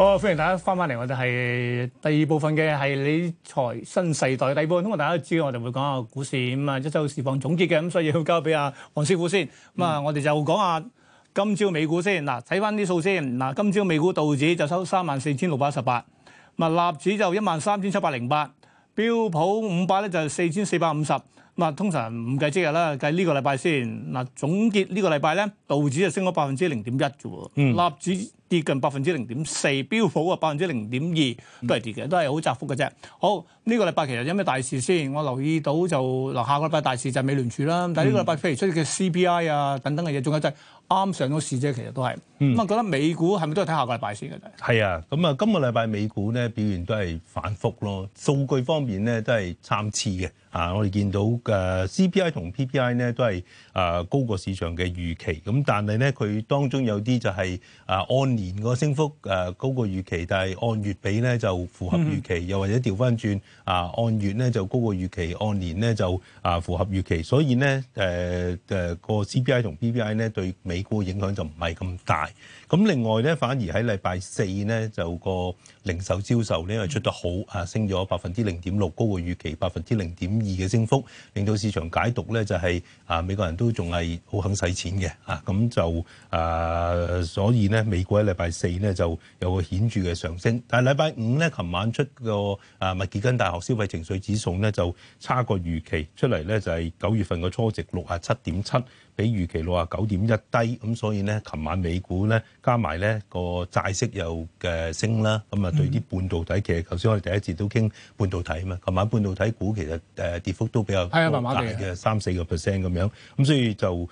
好，歡迎大家翻翻嚟，我哋係第二部分嘅係理財新世代第二部分。咁啊，大家都知我哋會講下股市，咁啊，一周市況總結嘅，咁所以要交俾阿黃師傅先。咁啊、嗯，我哋就講下今朝美股先。嗱，睇翻啲數先。嗱，今朝美股道指就收三萬四千六百一十八，咪納指就一萬三千七百零八，標普五百咧就四千四百五十。咁啊，通常唔計即日啦，計呢個禮拜先。嗱，總結呢個禮拜咧，道指就升咗百分之零點一啫。嗯，納指。跌近百分之零點四，標普啊百分之零點二都係跌嘅，都係好窄幅嘅啫。好呢、呢個禮拜其實有咩大事先？我留意到就落下個禮拜大事就係美聯儲啦。但係呢個禮拜譬如出嘅 CPI 啊等等嘅嘢，仲係啱上咗市啫。其實都係咁啊，嗯、覺得美股係咪都係睇下個禮拜先嘅？係啊，咁、嗯、啊，今個禮拜美股咧表現都係反覆咯。數據方面咧都係參差嘅啊。我哋見到嘅 CPI 同 PPI 咧都係啊高過市場嘅預期咁，但係咧佢當中有啲就係啊按年個升幅高過預期，但係按月比咧就符合預期，又或者調返轉啊，按月咧就高過預期，按年咧就啊符合預期，所以咧、呃那個 CPI 同 PPI 咧對美國影響就唔係咁大。咁另外咧，反而喺禮拜四咧就個零售銷售咧係出得好，啊升咗百分之零點六，高過預期百分之零點二嘅升幅，令到市場解讀咧就係啊美國人都仲係好肯使錢嘅，咁就啊所以咧美國喺禮拜四咧就有個顯著嘅上升，但係禮拜五咧琴晚出個啊密芝根大學消費情緒指數咧就差過預期出嚟咧就係九月份嘅初值六啊七點七。比預期六啊九點一低，咁所以咧，琴晚美股咧加埋咧個債息又嘅升啦，咁啊對啲半導體、嗯、其實頭先我哋第一節都傾半導體啊嘛，琴晚半導體股其實誒跌幅都比較係啊，麻麻地嘅三四個 percent 咁樣，咁所以就誒誒、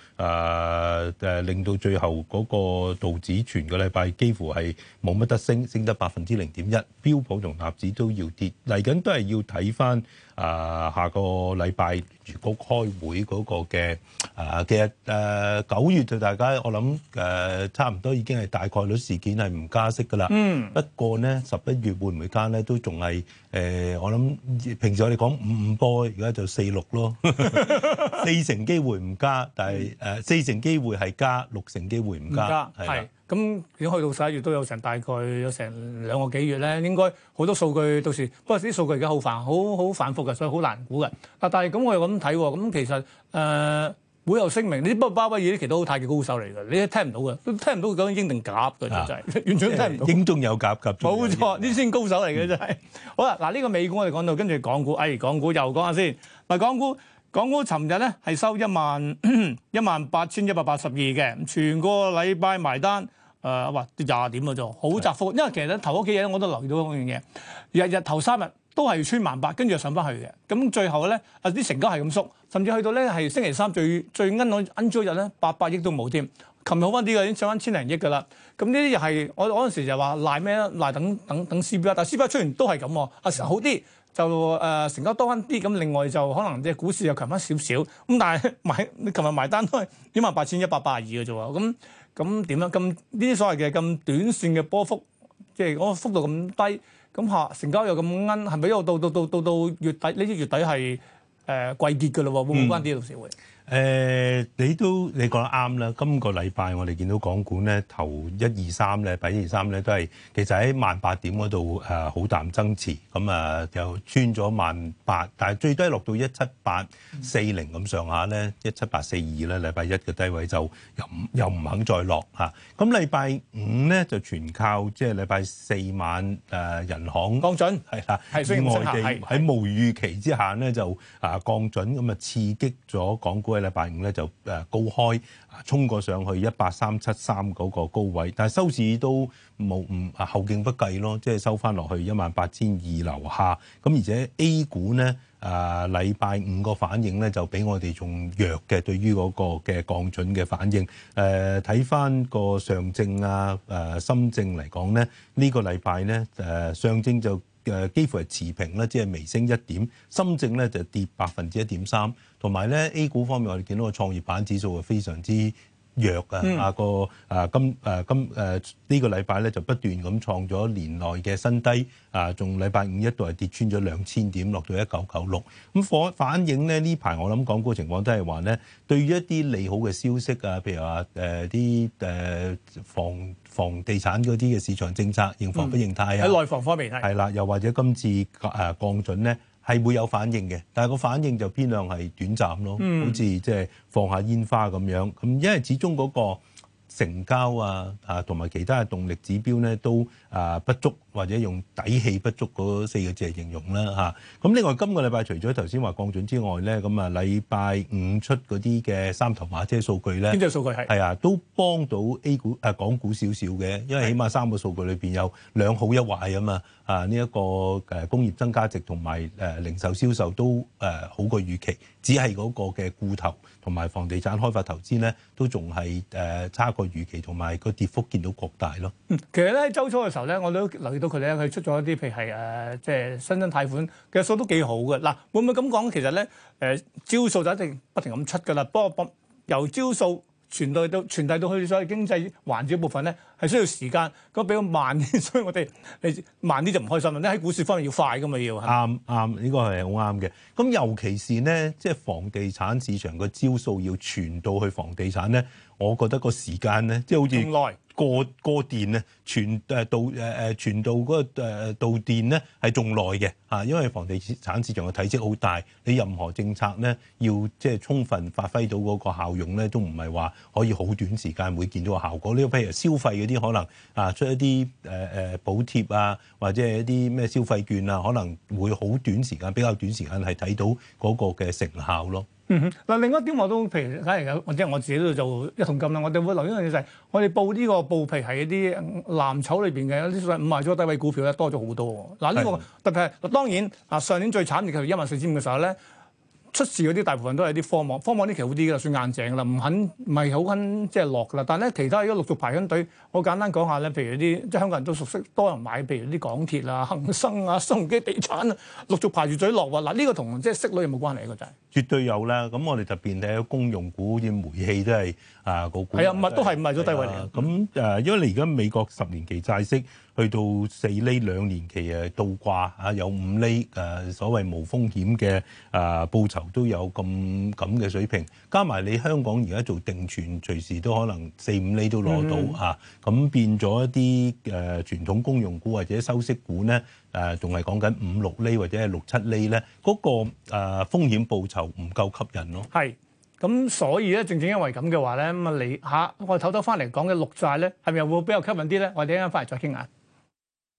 呃、令到最後嗰個道指全個禮拜幾乎係冇乜得升，升得百分之零點一，標普同納指都要跌，嚟緊都係要睇翻。誒、呃、下個禮拜聯局開會嗰個嘅誒、呃，其實誒九、呃、月就大家，我諗誒、呃、差唔多已經係大概率事件係唔加息㗎啦。嗯。不過咧，十一月會唔會加咧，都仲係誒我諗平時我哋講五五波，而家就四六咯， 四成機會唔加，但係誒、呃、四成機會係加，六成機會唔加，係加。的咁已經去到十一月都有成大概有成兩個幾月咧，應該好多數據到時，不過啲數據而家好煩，好好反覆嘅，所以好難估嘅、啊。但係咁、嗯、我哋咁睇喎，咁、啊、其實誒、呃、會有聲明，啲不過鮑威爾啲？其實都太極高手嚟嘅，你聽唔到嘅，都聽唔到佢講鷹定鴿嘅，啊、就係、是、完全聽唔到。鷹中有鴿，鴿冇錯，啲先高手嚟嘅真係。好啦，嗱、啊、呢、這個美股我哋講到，跟住港股，哎，港股又講下先。咪港股，港股尋日咧係收一萬一萬八千一百八十二嘅，全個禮拜埋單。誒哇跌廿點嘅就好窄幅。是的 因為其實咧頭嗰幾日咧我都留意到嗰樣嘢，日日頭三日都係穿萬八，跟住上翻去嘅。咁最後咧啊啲成交係咁縮，甚至去到咧係星期三最最 n j o y 日咧八百億都冇添。琴日好翻啲嘅，已經上翻千零億㗎啦。咁呢啲又係我嗰陣時就話賴咩咧賴等等等 C B R，但 C B R 出完都係咁。啊成日好啲。就誒、呃、成交多翻啲，咁另外就可能即係股市又強翻少少，咁但係買你琴日埋單都係一萬八千一百八十二嘅啫喎，咁咁點樣？咁呢啲所謂嘅咁短線嘅波幅，即係嗰個幅度咁低，咁下成交又咁奀，係咪又到到到到到，到，到月底呢啲月底係誒季結嘅咯？會唔會翻啲到時會？嗯誒、欸，你都你講得啱啦。今個禮拜我哋見到港股咧，頭一二三咧，禮拜一二三咧都係其實喺萬八點嗰度誒，好、呃、淡增持。咁、嗯、啊、呃，又穿咗萬八，但係最低落到一七八四零咁上下咧，一七八四二咧，禮拜一嘅低位就又又唔肯再落嚇。咁禮拜五咧就全靠即係禮拜四晚誒、呃、人行降準係啦，的以內地喺無預期之下咧就啊降準，咁啊刺激咗港股。禮拜五咧就誒高開，衝過上去一八三七三嗰個高位，但係收市都冇唔後勁不計咯，即係收翻落去一萬八千二樓下。咁而且 A 股咧誒禮拜五個反應咧就比我哋仲弱嘅，對於嗰個嘅降準嘅反應。誒睇翻個上證啊誒、呃、深證嚟講咧，這個、呢個禮拜咧誒上證就。誒幾乎係持平啦，即係微升一點。深證咧就跌百分之一點三，同埋咧 A 股方面，我哋見到個創業板指數係非常之。弱啊！啊，啊，啊、這個啊今啊今誒呢個禮拜咧就不斷咁創咗年內嘅新低啊！仲禮拜五一度係跌穿咗兩千點，落到一九九六咁，反反映咧呢排我諗講個情況都係話咧，對於一啲利好嘅消息啊，譬如話誒啲誒房房地產嗰啲嘅市場政策，認房不認貸啊？喺內房方面係啦、啊，又或者今次誒、啊、降準咧。係會有反應嘅，但係個反應就偏向係短暫咯，好似即係放下煙花咁樣。咁因為始終嗰個。成交啊、啊，同埋其他嘅動力指標咧都啊不足，或者用底氣不足嗰四個字嚟形容啦，吓。咁另外今個禮拜除咗頭先話降準之外咧，咁啊禮拜五出嗰啲嘅三頭馬車數據咧，經濟數據係係啊，都幫到 A 股啊港股少少嘅，因為起碼三個數據裏面有兩好一壞嘛啊嘛啊呢一個誒工業增加值同埋誒零售銷售都。誒、呃，好過預期，只係嗰個嘅固投同埋房地產開發投資咧，都仲係誒差過預期，同埋個跌幅見到擴大咯。嗯，其實咧喺周初嘅時候咧，我都留意到佢咧，佢出咗一啲，譬如係誒即係新增貸款嘅數都幾好嘅。嗱，會唔會咁講？其實咧，誒、呃、招數就一定不停咁出噶啦。不過由招數傳遞到傳遞到去所謂經濟環節部分咧，係需要時間，咁比較慢啲，所以我哋誒慢啲就唔開心喇。你喺股市方面要快㗎嘛要？啱啱呢個係好啱嘅。咁、嗯嗯、尤其是呢，即係房地產市場個招數要傳到去房地產咧，我覺得個時間咧，即係好似過久過，過電咧，傳誒到誒誒、呃、傳到嗰個誒到電咧係仲耐嘅嚇，因為房地產市場嘅體積好大，你任何政策咧要即係充分發揮到嗰個效用咧，都唔係話可以好短時間會見到個效果。呢個譬如消費嘅。啲可能啊出一啲誒誒補貼啊，或者係一啲咩消費券啊，可能會好短時間比較短時間係睇到嗰個嘅成效咯。嗯哼，嗱、啊、另一點我都譬如睇嚟有，或者我自己都做一同咁啦。我哋會留意一樣嘢就係、是，我哋報呢個報皮係一啲藍籌裏邊嘅，一啲上五萬咗低位股票咧多咗好多。嗱、啊、呢、這個的特別係當然啊，上年最慘就係一萬四千五嘅時候咧。出事嗰啲大部分都係啲科網，科網呢期好啲嘅，算硬淨噶啦，唔肯，唔係好肯即係落噶啦。但係咧，其他如果陸續排緊隊，我簡單講下咧，譬如啲即係香港人都熟悉，多人買，譬如啲港鐵啊、恒生啊、新鴻基地產啊，陸續排住隊落喎。嗱、啊，呢、呢個同即係息率有冇關係、啊？呢個就係絕對有啦。咁我哋特別睇下公用股，好似煤氣都係啊個股，股，係啊，咪都係咪咗低位嚟啊。咁誒、嗯呃，因為你而家美國十年期債息。去到四厘兩年期誒倒掛嚇，有五厘誒、啊、所謂無風險嘅誒報酬都有咁咁嘅水平，加埋你香港而家做定存隨時都可能四五厘都攞到嚇，咁、嗯啊、變咗一啲誒傳統公用股或者收息股咧誒，仲係講緊五六厘或者係六七厘咧，嗰、那個誒、啊、風險報酬唔夠吸引咯。係，咁所以咧，正正因為咁嘅話咧，咁啊你嚇我偷偷翻嚟講嘅六債咧，係咪又會比較吸引啲咧？我哋一陣翻嚟再傾下。